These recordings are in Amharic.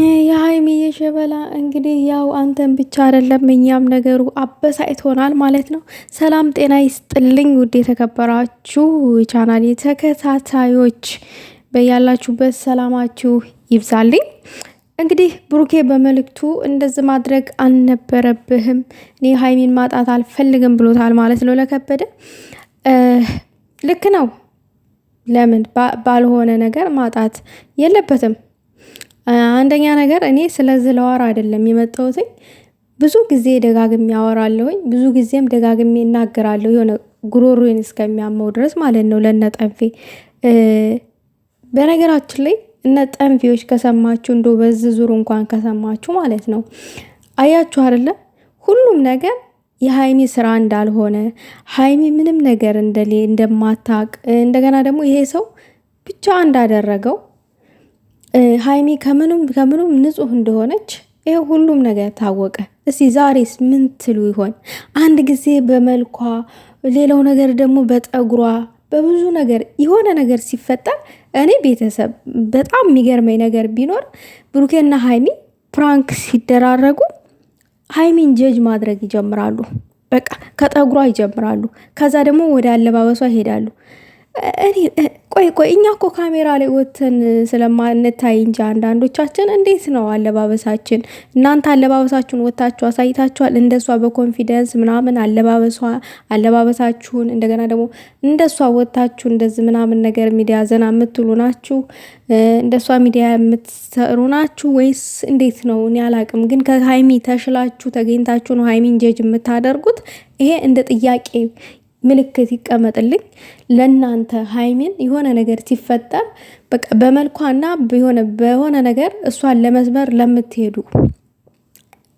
የሀይሚ የሸበላ እንግዲህ ያው አንተን ብቻ አይደለም እኛም ነገሩ አበሳጭቶናል ማለት ነው። ሰላም ጤና ይስጥልኝ ውድ የተከበራችሁ ቻናል የተከታታዮች በያላችሁበት ሰላማችሁ ይብዛልኝ። እንግዲህ ብሩኬ በመልእክቱ እንደዚህ ማድረግ አልነበረብህም፣ እኔ ሀይሚን ማጣት አልፈልግም ብሎታል ማለት ነው ለከበደ። ልክ ነው። ለምን ባልሆነ ነገር ማጣት የለበትም አንደኛ ነገር እኔ ስለዚህ ለወራ አይደለም የመጣሁትኝ ብዙ ጊዜ ደጋግሜ አወራለሁኝ ብዙ ጊዜም ደጋግሜ እናገራለሁ የሆነ ጉሮሮዬን እስከሚያመው ድረስ ማለት ነው ለነጠንፌ በነገራችን ላይ እነ ጠንፌዎች ከሰማችሁ እንዶ በዚ ዙር እንኳን ከሰማችሁ ማለት ነው አያችሁ አይደለ ሁሉም ነገር የሀይሚ ስራ እንዳልሆነ ሀይሚ ምንም ነገር እንደሌ እንደማታቅ እንደገና ደግሞ ይሄ ሰው ብቻ እንዳደረገው ሀይሚ ከምኑም ከምኑም ንጹህ እንደሆነች ይሄ ሁሉም ነገር ታወቀ። እስቲ ዛሬስ ምን ትሉ ይሆን? አንድ ጊዜ በመልኳ ሌላው ነገር ደግሞ በጠጉሯ በብዙ ነገር የሆነ ነገር ሲፈጠር እኔ ቤተሰብ በጣም የሚገርመኝ ነገር ቢኖር ብሩኬና ሀይሚ ፕራንክ ሲደራረጉ ሀይሚን ጀጅ ማድረግ ይጀምራሉ። በቃ ከጠጉሯ ይጀምራሉ። ከዛ ደግሞ ወደ አለባበሷ ይሄዳሉ። እኔ ቆይ ቆይ እኛ እኮ ካሜራ ላይ ወጥተን ስለማንታይ እንጂ አንዳንዶቻችን እንዴት ነው አለባበሳችን? እናንተ አለባበሳችሁን ወጥታችሁ አሳይታችኋል። እንደሷ በኮንፊደንስ ምናምን አለባበሷ አለባበሳችሁን እንደገና ደግሞ እንደሷ ወጥታችሁ እንደዚህ ምናምን ነገር ሚዲያ ዘና የምትሉ ናችሁ? እንደሷ ሚዲያ የምትሰሩ ናችሁ ወይስ እንዴት ነው? እኔ አላቅም። ግን ከሀይሚ ተሽላችሁ ተገኝታችሁ ነው ሀይሚን ጀጅ የምታደርጉት? ይሄ እንደ ጥያቄ ምልክት ይቀመጥልኝ ለእናንተ ሀይሚን የሆነ ነገር ሲፈጠር በቃ በመልኳና በሆነ ነገር እሷን ለመስበር ለምትሄዱ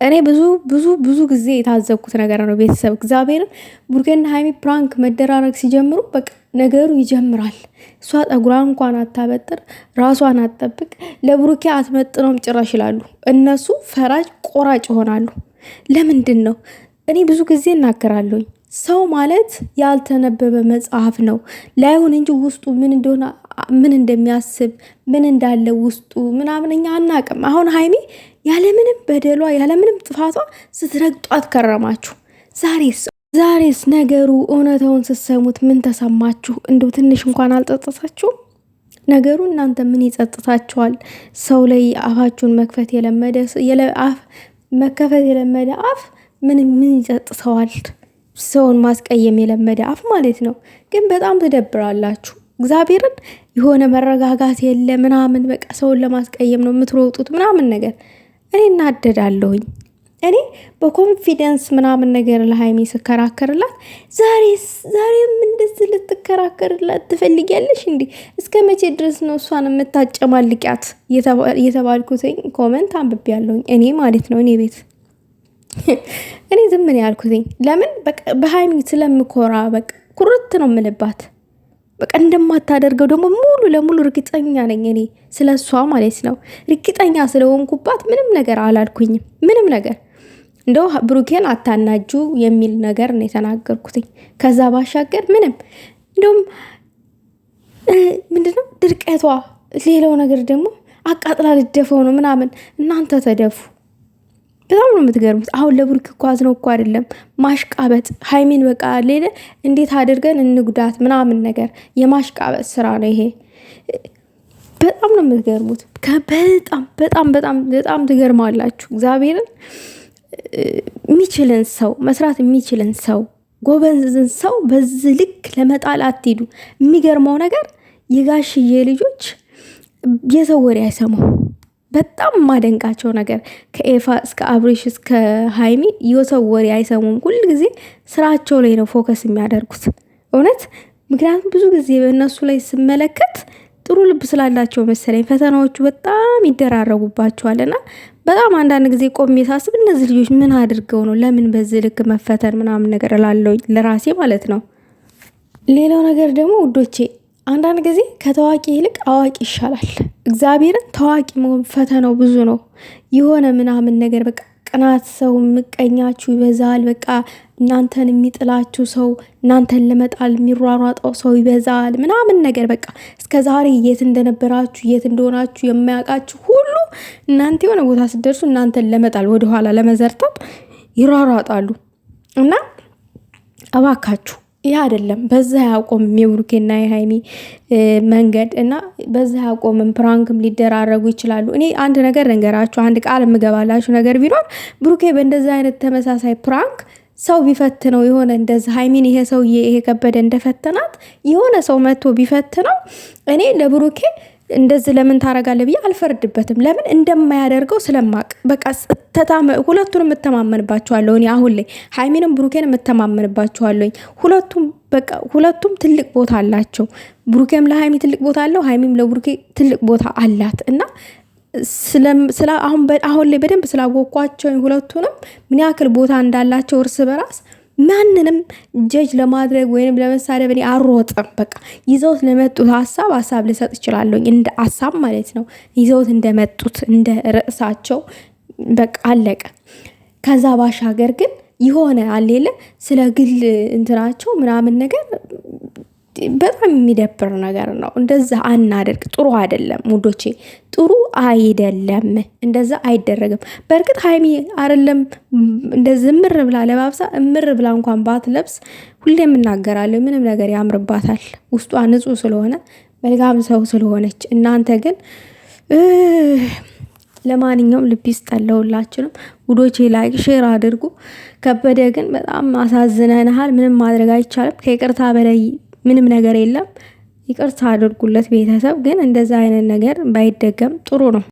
እኔ ብዙ ብዙ ብዙ ጊዜ የታዘብኩት ነገር ነው። ቤተሰብ እግዚአብሔርን ቡርጌና ሀይሚ ፕራንክ መደራረግ ሲጀምሩ በቃ ነገሩ ይጀምራል። እሷ ጠጉሯ እንኳን አታበጥር፣ ራሷን አትጠብቅ፣ ለብሩኬ አትመጥነውም ጭራሽ ይላሉ። እነሱ ፈራጅ ቆራጭ ይሆናሉ። ለምንድን ነው እኔ ብዙ ጊዜ እናገራለሁኝ ሰው ማለት ያልተነበበ መጽሐፍ ነው። ላይሆን እንጂ ውስጡ ምን እንደሆነ ምን እንደሚያስብ ምን እንዳለ ውስጡ ምናምን እኛ አናቅም። አሁን ሀይሚ ያለምንም በደሏ ያለምንም ጥፋቷ ስትረግጧት ከረማችሁ። ዛሬስ ዛሬስ ነገሩ እውነታውን ስትሰሙት ምን ተሰማችሁ? እንደው ትንሽ እንኳን አልጸጸታችሁም? ነገሩ እናንተ ምን ይጸጥታችኋል? ሰው ላይ አፋችሁን መክፈት የለመደ መከፈት የለመደ አፍ ምን ምን ይጸጥተዋል? ሰውን ማስቀየም የለመደ አፍ ማለት ነው። ግን በጣም ትደብራላችሁ። እግዚአብሔርን የሆነ መረጋጋት የለ ምናምን በቃ ሰውን ለማስቀየም ነው የምትሮጡት ምናምን ነገር እኔ እናደዳለሁኝ። እኔ በኮንፊደንስ ምናምን ነገር ለሀይሚ ስከራከርላት ዛሬም እንደዚህ ልትከራከርላት ትፈልጊያለሽ እንዴ? እስከ መቼ ድረስ ነው እሷን የምታጨማልቂያት? እየተባልኩትኝ ኮመንት አንብቤ እኔ ማለት ነው እኔ ቤት እኔ ዝም ነው ያልኩትኝ። ለምን በሀይሚ ስለምኮራ በቃ ኩርት ነው የምልባት። በቃ እንደማታደርገው ደግሞ ሙሉ ለሙሉ እርግጠኛ ነኝ እኔ ስለ እሷ ማለት ነው። እርግጠኛ ስለሆንኩባት ምንም ነገር አላልኩኝም። ምንም ነገር እንደው ብሩኬን አታናጁ የሚል ነገር ነው የተናገርኩትኝ። ከዛ ባሻገር ምንም እንደውም ምንድነው ድርቀቷ። ሌላው ነገር ደግሞ አቃጥላ ልደፈው ነው ምናምን። እናንተ ተደፉ በጣም ነው የምትገርሙት። አሁን ለብሩክ ኳዝ አዝነው እኮ አይደለም ማሽቃበጥ። ሀይሜን በቃ ሌለ እንዴት አድርገን እንጉዳት ምናምን ነገር የማሽቃበጥ ስራ ነው ይሄ። በጣም ነው የምትገርሙት። በጣም በጣም በጣም በጣም ትገርማላችሁ። እግዚአብሔርን የሚችልን ሰው መስራት የሚችልን ሰው ጎበዝን ሰው በዚህ ልክ ለመጣል አትሄዱ። የሚገርመው ነገር የጋሽዬ ልጆች የሰው ወሬ በጣም ማደንቃቸው ነገር ከኤፋ እስከ አብሬሽ እስከ ሀይሚ የሰው ወሬ አይሰሙም። ሁል ጊዜ ስራቸው ላይ ነው ፎከስ የሚያደርጉት እውነት። ምክንያቱም ብዙ ጊዜ በእነሱ ላይ ስመለከት ጥሩ ልብ ስላላቸው መሰለኝ ፈተናዎቹ በጣም እና በጣም አንዳንድ ጊዜ ቆሜ ሳስብ እነዚህ ልጆች ምን አድርገው ነው ለምን በዚህ ልክ መፈተን ምናምን ነገር ላለው ለራሴ ማለት ነው። ሌላው ነገር ደግሞ ውዶቼ አንዳንድ ጊዜ ከታዋቂ ይልቅ አዋቂ ይሻላል። እግዚአብሔርን ታዋቂ መሆን ፈተናው ብዙ ነው። የሆነ ምናምን ነገር በቃ ቅናት፣ ሰው ምቀኛችሁ ይበዛል። በቃ እናንተን የሚጥላችሁ ሰው፣ እናንተን ለመጣል የሚሯሯጠው ሰው ይበዛል ምናምን ነገር በቃ እስከ ዛሬ የት እንደነበራችሁ የት እንደሆናችሁ የማያውቃችሁ ሁሉ እናንተ የሆነ ቦታ ስደርሱ እናንተን ለመጣል ወደኋላ ለመዘርጠጥ ይሯሯጣሉ እና እባካችሁ ይህ አይደለም በዛ ያቆም የብሩኬና የሀይሚ መንገድ እና በዛ ያቆምም ፕራንክም ሊደራረጉ ይችላሉ። እኔ አንድ ነገር ልንገራችሁ፣ አንድ ቃል የምገባላችሁ ነገር ቢኖር ብሩኬ በእንደዚ አይነት ተመሳሳይ ፕራንክ ሰው ቢፈትነው የሆነ እንደዚ ሃይሚን ይሄ ሰውዬ ይሄ ከበደ እንደፈተናት የሆነ ሰው መጥቶ ቢፈትነው እኔ ለብሩኬ እንደዚህ ለምን ታረጋለ ብዬ አልፈርድበትም። ለምን እንደማያደርገው ስለማቅ በቃ ሁለቱን የምተማመንባቸዋለሁ። እኔ አሁን ላይ ሀይሚንም ብሩኬን የምተማመንባቸዋለኝ። ሁለቱም በቃ ሁለቱም ትልቅ ቦታ አላቸው። ብሩኬም ለሀይሚ ትልቅ ቦታ አለው፣ ሀይሚም ለብሩኬ ትልቅ ቦታ አላት እና አሁን ላይ በደንብ ስላወቅኳቸው ሁለቱንም ምን ያክል ቦታ እንዳላቸው እርስ በራስ ማንንም ጀጅ ለማድረግ ወይንም ለመሳደብ እኔ አልሮጥም። በቃ ይዘውት ለመጡት ሀሳብ ሀሳብ ልሰጥ እችላለሁኝ፣ እንደ ሀሳብ ማለት ነው። ይዘውት እንደመጡት እንደ ርዕሳቸው በቃ አለቀ። ከዛ ባሻገር ግን የሆነ አሌለ ስለ ግል እንትናቸው ምናምን ነገር በጣም የሚደብር ነገር ነው። እንደዛ አናደርግ፣ ጥሩ አይደለም ውዶቼ፣ ጥሩ አይደለም። እንደዛ አይደረግም። በእርግጥ ሀይሚ አይደለም እንደ እምር ብላ ለባብሳ እምር ብላ እንኳን ባትለብስ፣ ሁሌም የምናገራለሁ ምንም ነገር ያምርባታል። ውስጧ ንጹህ ስለሆነ መልካም ሰው ስለሆነች። እናንተ ግን ለማንኛውም ልብ ይስጠለውላችንም ውዶቼ፣ ላይክ ሼር አድርጉ። ከበደ ግን በጣም አሳዝነንሃል። ምንም ማድረግ አይቻልም ከይቅርታ በላይ ምንም ነገር የለም። ይቅርታ አድርጉለት ቤተሰብ ግን እንደዛ አይነት ነገር ባይደገም ጥሩ ነው።